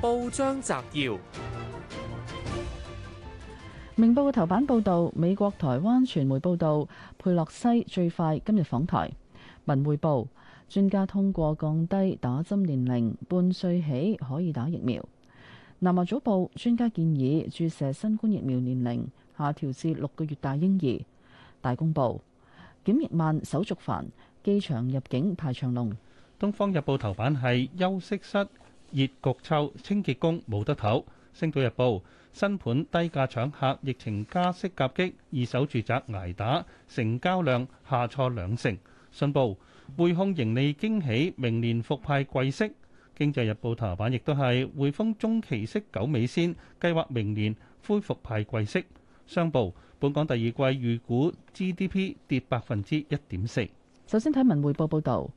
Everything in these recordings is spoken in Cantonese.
報章摘要：明報嘅頭版報道，美國台灣傳媒報道，佩洛西最快今日訪台。文匯報專家通過降低打針年齡，半歲起可以打疫苗。南華早報專家建議注射新冠疫苗年齡下調至六個月大嬰兒。大公報檢疫慢，手續繁，機場入境排長龍。東方日報頭版係休息室。熱焗臭，清潔工冇得唞。星島日報，新盤低價搶客，疫情加息夾擊，二手住宅捱打，成交量下挫兩成。信報，匯控盈利驚喜，明年復派季息。經濟日報頭版亦都係，匯豐中期息九美仙，計劃明年恢復派季息。商報，本港第二季預估 GDP 跌百分之一點四。首先睇文匯報報導。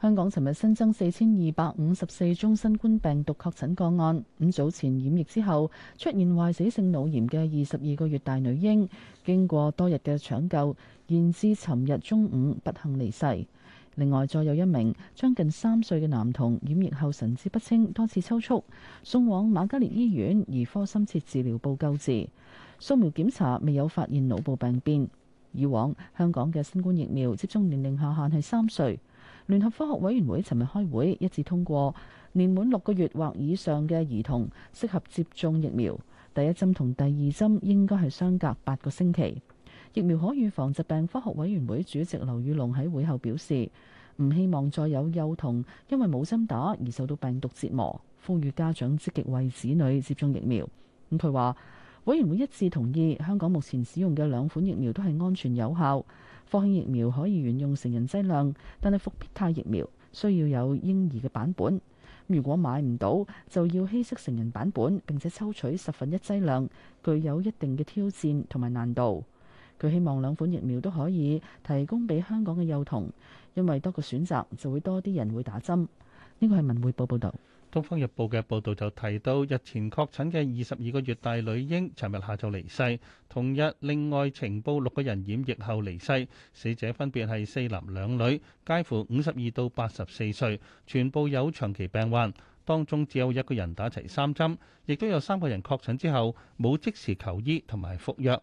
香港尋日新增四千二百五十四宗新冠病毒確診個案。咁早前染疫之後出現壞死性腦炎嘅二十二個月大女嬰，經過多日嘅搶救，現至尋日中午不幸離世。另外，再有一名將近三歲嘅男童染疫後神志不清，多次抽搐，送往瑪嘉烈醫院兒科深切治療部救治，掃描檢查未有發現腦部病變。以往香港嘅新冠疫苗接種年齡下限係三歲。聯合科學委員會尋日開會一致通過，年滿六個月或以上嘅兒童適合接種疫苗，第一針同第二針應該係相隔八個星期。疫苗可預防疾病。科學疾病科學委員會主席劉宇龍喺會後表示，唔希望再有幼童因為冇針打而受到病毒折磨，呼籲家長積極為子女接種疫苗。咁佢話，委員會一致同意，香港目前使用嘅兩款疫苗都係安全有效。科興疫苗可以沿用成人劑量，但係復必泰疫苗需要有嬰兒嘅版本。如果買唔到，就要稀釋成人版本，並且抽取十分一劑量，具有一定嘅挑戰同埋難度。佢希望兩款疫苗都可以提供俾香港嘅幼童，因為多個選擇就會多啲人會打針。呢個係文匯報報導。《東方日報》嘅報導就提到，日前確診嘅二十二個月大女嬰，尋日下晝離世。同日，另外呈報六個人染疫後離世，死者分別係四男兩女，介乎五十二到八十四歲，全部有長期病患。當中只有一個人打齊三針，亦都有三個人確診之後冇即時求醫同埋服藥。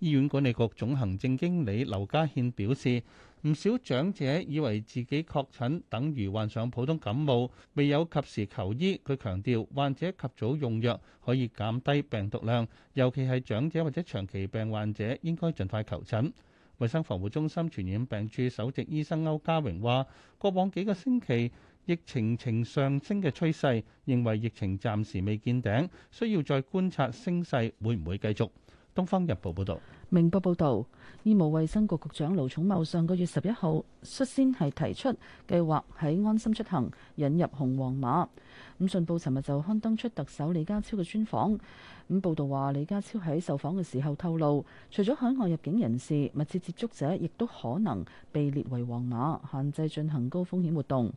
醫院管理局總行政經理劉家憲表示。唔少長者以為自己確診等於患上普通感冒，未有及時求醫。佢強調，患者及早用藥可以減低病毒量，尤其係長者或者長期病患者應該盡快求診。衛生防護中心傳染病處首席醫生歐家榮話：過往幾個星期疫情呈上升嘅趨勢，認為疫情暫時未見頂，需要再觀察升勢會唔會繼續。《東方日報》報導。明報報導，醫務衛生局局長盧寵茂上個月十一號率先係提出計劃喺安心出行引入紅黃碼。咁信報尋日就刊登出特首李家超嘅專訪，咁報導話李家超喺受訪嘅時候透露，除咗海外入境人士、密切接觸者，亦都可能被列為黃碼，限制進行高風險活動。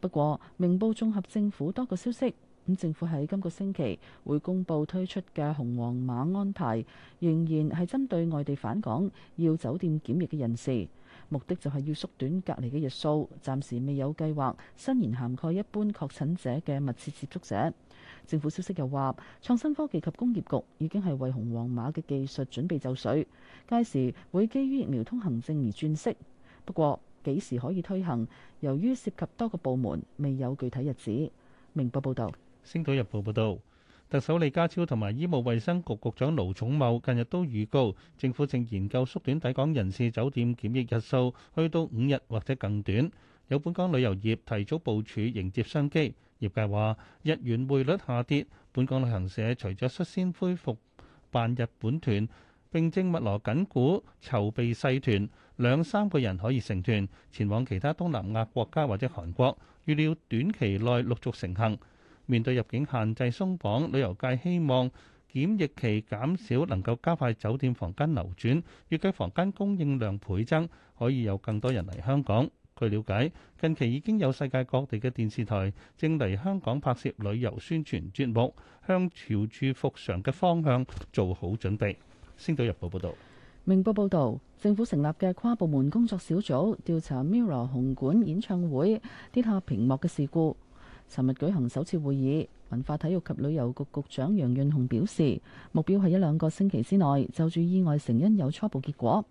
不過，明報綜合政府多個消息。咁政府喺今個星期會公布推出嘅紅黃碼安排，仍然係針對外地返港要酒店檢疫嘅人士，目的就係要縮短隔離嘅日數，暫時未有計劃伸延涵蓋一般確診者嘅密切接觸者。政府消息又話，創新科技及工業局已經係為紅黃碼嘅技術準備就緒，屆時會基於疫苗通行證而轉色，不過幾時可以推行，由於涉及多個部門，未有具體日子。明報報道。《星島日報》報導，特首李家超同埋醫務衛生局局長盧寵茂近日都預告，政府正研究縮短抵港人士酒店檢疫日數，去到五日或者更短。有本港旅遊業提早部署迎接商機，業界話日元匯率下跌，本港旅行社除咗率先恢復辦日本團，並正密鑼緊鼓籌備細團，兩三個人可以成團前往其他東南亞國家或者韓國，預料短期內陸續成行。面對入境限制鬆綁，旅遊界希望檢疫期減少，能夠加快酒店房間流轉，預計房間供應量倍增，可以有更多人嚟香港。據了解，近期已經有世界各地嘅電視台正嚟香港拍攝旅遊宣傳節目，向朝住復常嘅方向做好準備。星島日報報道。明報報道，政府成立嘅跨部門工作小組調查 Mirror 紅館演唱會跌下屏幕嘅事故。尋日舉行首次會議，文化體育及旅遊局局長楊潤雄表示，目標係一兩個星期之內就住意外成因有初步結果。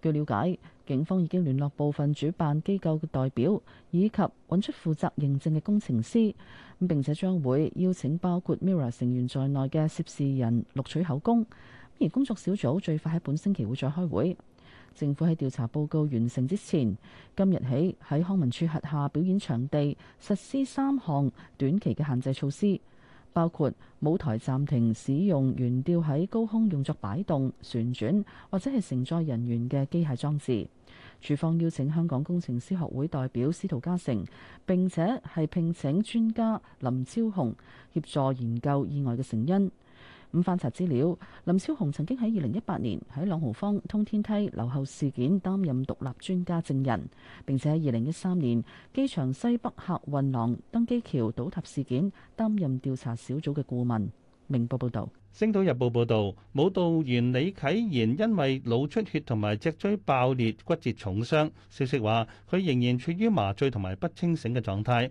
據了解，警方已經聯絡部分主辦機構嘅代表，以及揾出負責認證嘅工程師，並且將會邀請包括 MIRROR 成員在內嘅涉事人錄取口供。而工作小組最快喺本星期會再開會。政府喺調查報告完成之前，今日起喺康文署轄下表演場地實施三項短期嘅限制措施，包括舞台暫停使用懸吊喺高空用作擺動、旋轉或者係承載人員嘅機械裝置。處方邀請香港工程師學會代表司徒家成，並且係聘請專家林超雄協助研究意外嘅成因。咁翻查資料，林超雄曾經喺二零一八年喺朗豪坊通天梯樓後事件擔任獨立專家證人，並且喺二零一三年機場西北客運廊登機橋倒塌事件擔任調查小組嘅顧問。明報報道。星島日報報道舞蹈員李啟賢因為腦出血同埋脊椎爆裂骨折重傷，消息話，佢仍然處於麻醉同埋不清醒嘅狀態。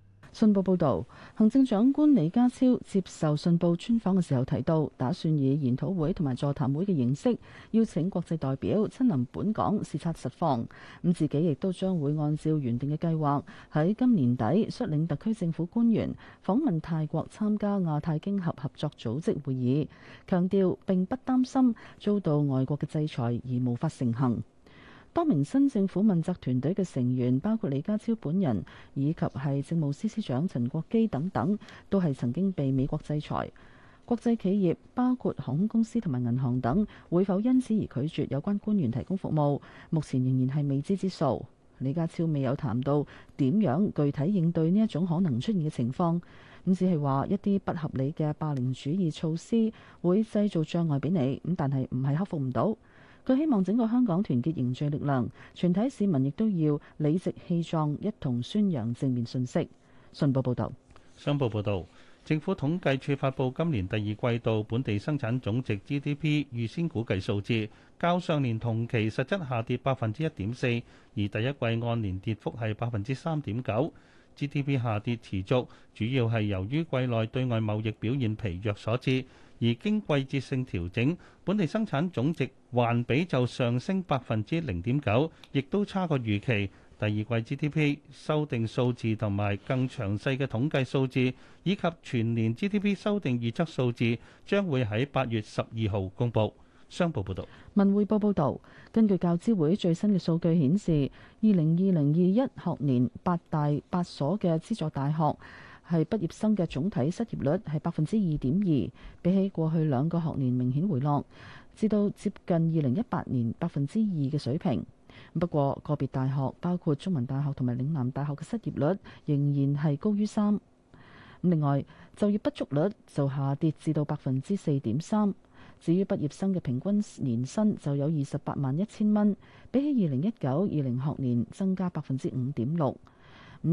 信報報導，行政長官李家超接受信報專訪嘅時候提到，打算以研討會同埋座談會嘅形式邀請國際代表親臨本港視察實況。咁自己亦都將會按照原定嘅計劃，喺今年底率領特區政府官員訪問泰國，參加亞太經合合作組織會議。強調並不擔心遭到外國嘅制裁而無法成行。多名新政府問責團隊嘅成員，包括李家超本人以及係政務司司長陳國基等等，都係曾經被美國制裁。國際企業包括航空公司同埋銀行等，會否因此而拒絕有關官員提供服務？目前仍然係未知之數。李家超未有談到點樣具體應對呢一種可能出現嘅情況，咁只係話一啲不合理嘅霸凌主義措施會製造障礙俾你，咁但係唔係克服唔到。佢希望整個香港團結凝聚力量，全體市民亦都要理直氣壯一同宣揚正面信息。信報報道。商報報道：政府統計處發布今年第二季度本地生產總值 GDP 預先估計數字，較上年同期實質下跌百分之一點四，而第一季按年跌幅係百分之三點九，GDP 下跌持續，主要係由於季內對外貿易表現疲弱所致。而經季節性調整，本地生產總值環比就上升百分之零點九，亦都差過預期。第二季 GDP 修訂數字同埋更詳細嘅統計數字，以及全年 GDP 修訂預測數字，將會喺八月十二號公佈。商報報道：《文匯報》報道：根據教資會最新嘅數據顯示，二零二零二一學年八大八所嘅資助大學，係畢業生嘅總體失業率係百分之二點二，比起過去兩個學年明顯回落，至到接近二零一八年百分之二嘅水平。不過，個別大學，包括中文大學同埋嶺南大學嘅失業率仍然係高於三。另外，就業不足率就下跌至到百分之四點三。至於畢業生嘅平均年薪就有二十八萬一千蚊，比起二零一九、二零學年增加百分之五點六。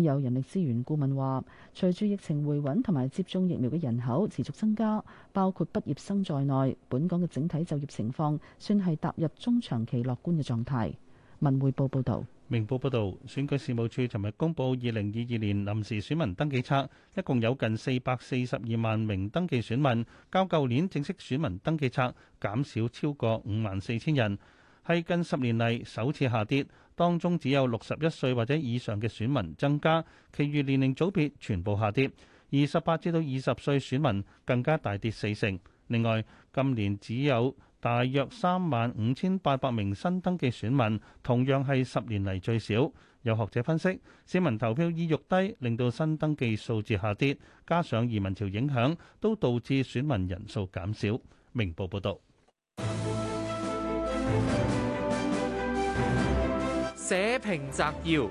有人力資源顧問話，隨住疫情回穩同埋接種疫苗嘅人口持續增加，包括畢業生在內，本港嘅整體就業情況算係踏入中長期樂觀嘅狀態。文匯報報道。明報報道，選舉事務處尋日公佈二零二二年臨時選民登記冊，一共有近四百四十二萬名登記選民，較舊年正式選民登記冊減少超過五萬四千人，係近十年嚟首次下跌。當中只有六十一歲或者以上嘅選民增加，其餘年齡組別全部下跌，十八至到二十歲選民更加大跌四成。另外，今年只有大約三萬五千八百名新登記選民，同樣係十年嚟最少。有學者分析，市民投票意欲低，令到新登記數字下跌，加上移民潮影響，都導致選民人數減少。明報報道。社評摘要：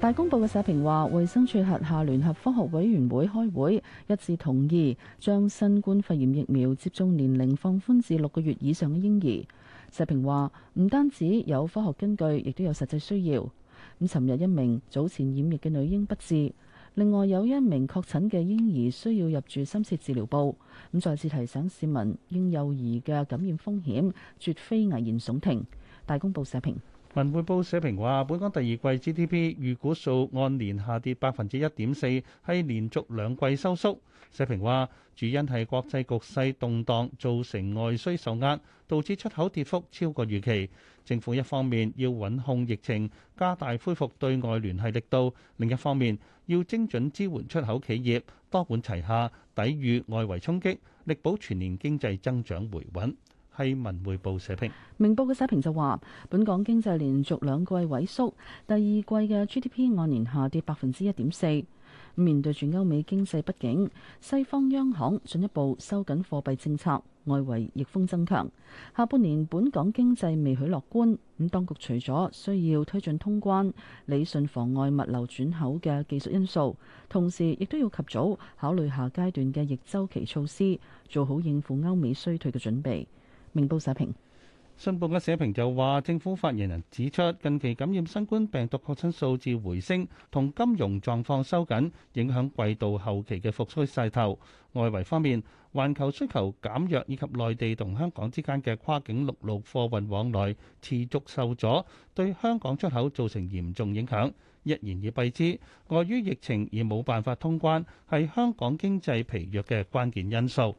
大公報嘅社評話，衛生署轄下聯合科學委員會開會一致同意，將新冠肺炎疫苗接種年齡放寬至六個月以上嘅嬰兒。社評話，唔單止有科學根據，亦都有實際需要。咁，尋日一名早前染疫嘅女嬰不治，另外有一名確診嘅嬰兒需要入住深切治療部。咁再次提醒市民，嬰幼兒嘅感染風險絕非危言聳聽。大公報社評，文匯報社評話，本港第二季 GDP 預估數按年下跌百分之一點四，係連續兩季收縮。社評話，主因係國際局勢動盪，造成外需受壓，導致出口跌幅超過預期。政府一方面要穩控疫情，加大恢復對外聯繫力度；另一方面要精準支援出口企業，多管齊下，抵禦外圍衝擊，力保全年經濟增長回穩。批文匯報社評，明報嘅社評就話：本港經濟連續兩季萎縮，第二季嘅 GDP 按年下跌百分之一點四。面對住歐美經濟不景，西方央行進一步收緊貨幣政策，外圍逆風增強，下半年本港經濟未許樂觀。咁當局除咗需要推進通關、理順妨礙物流轉口嘅技術因素，同時亦都要及早考慮下階段嘅逆周期措施，做好應付歐美衰退嘅準備。明報社評，信報嘅社評就話，政府發言人指出，近期感染新冠病毒確診數字回升，同金融狀況收緊，影響季度後期嘅復甦勢頭。外圍方面，環球需求減弱以及內地同香港之間嘅跨境陸路貨運往來持續受阻，對香港出口造成嚴重影響。一言以蔽之，礙於疫情而冇辦法通關，係香港經濟疲弱嘅關鍵因素。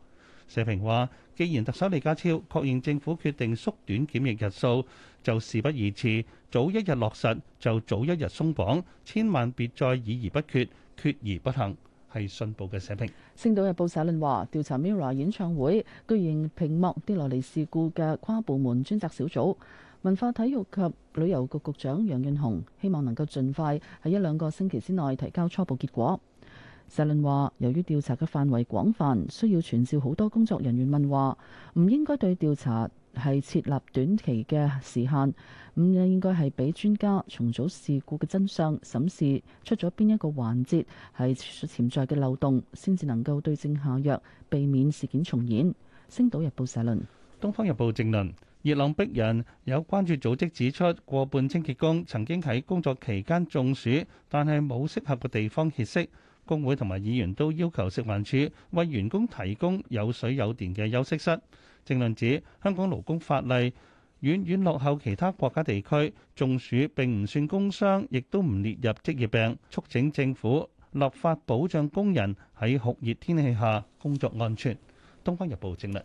社評話：既然特首李家超確認政府決定縮短檢疫日數，就事不宜遲，早一日落實就早一日鬆綁，千萬別再議而不決、決而不行。係信報嘅社評。星島日報社論話：調查 Mirror 演唱會巨型屏幕跌落嚟事故嘅跨部門專責小組，文化體育及旅遊局局局長楊潤雄，希望能夠盡快喺一兩個星期之內提交初步結果。社論話：由於調查嘅範圍廣泛，需要傳召好多工作人員問話，唔應該對調查係設立短期嘅時限。唔應該係俾專家重組事故嘅真相，審視出咗邊一個環節係潛在嘅漏洞，先至能夠對症下藥，避免事件重演。《星島日報》社論，《東方日報》正論，熱浪逼人，有關注組織指出，過半清潔工曾經喺工作期間中暑，但係冇適合嘅地方歇息。工會同埋議員都要求食環署為員工提供有水有電嘅休息室。正論指香港勞工法例遠遠落後其他國家地區，中暑並唔算工傷，亦都唔列入職業病，促請政府立法保障工人喺酷熱天氣下工作安全。東方日報正論。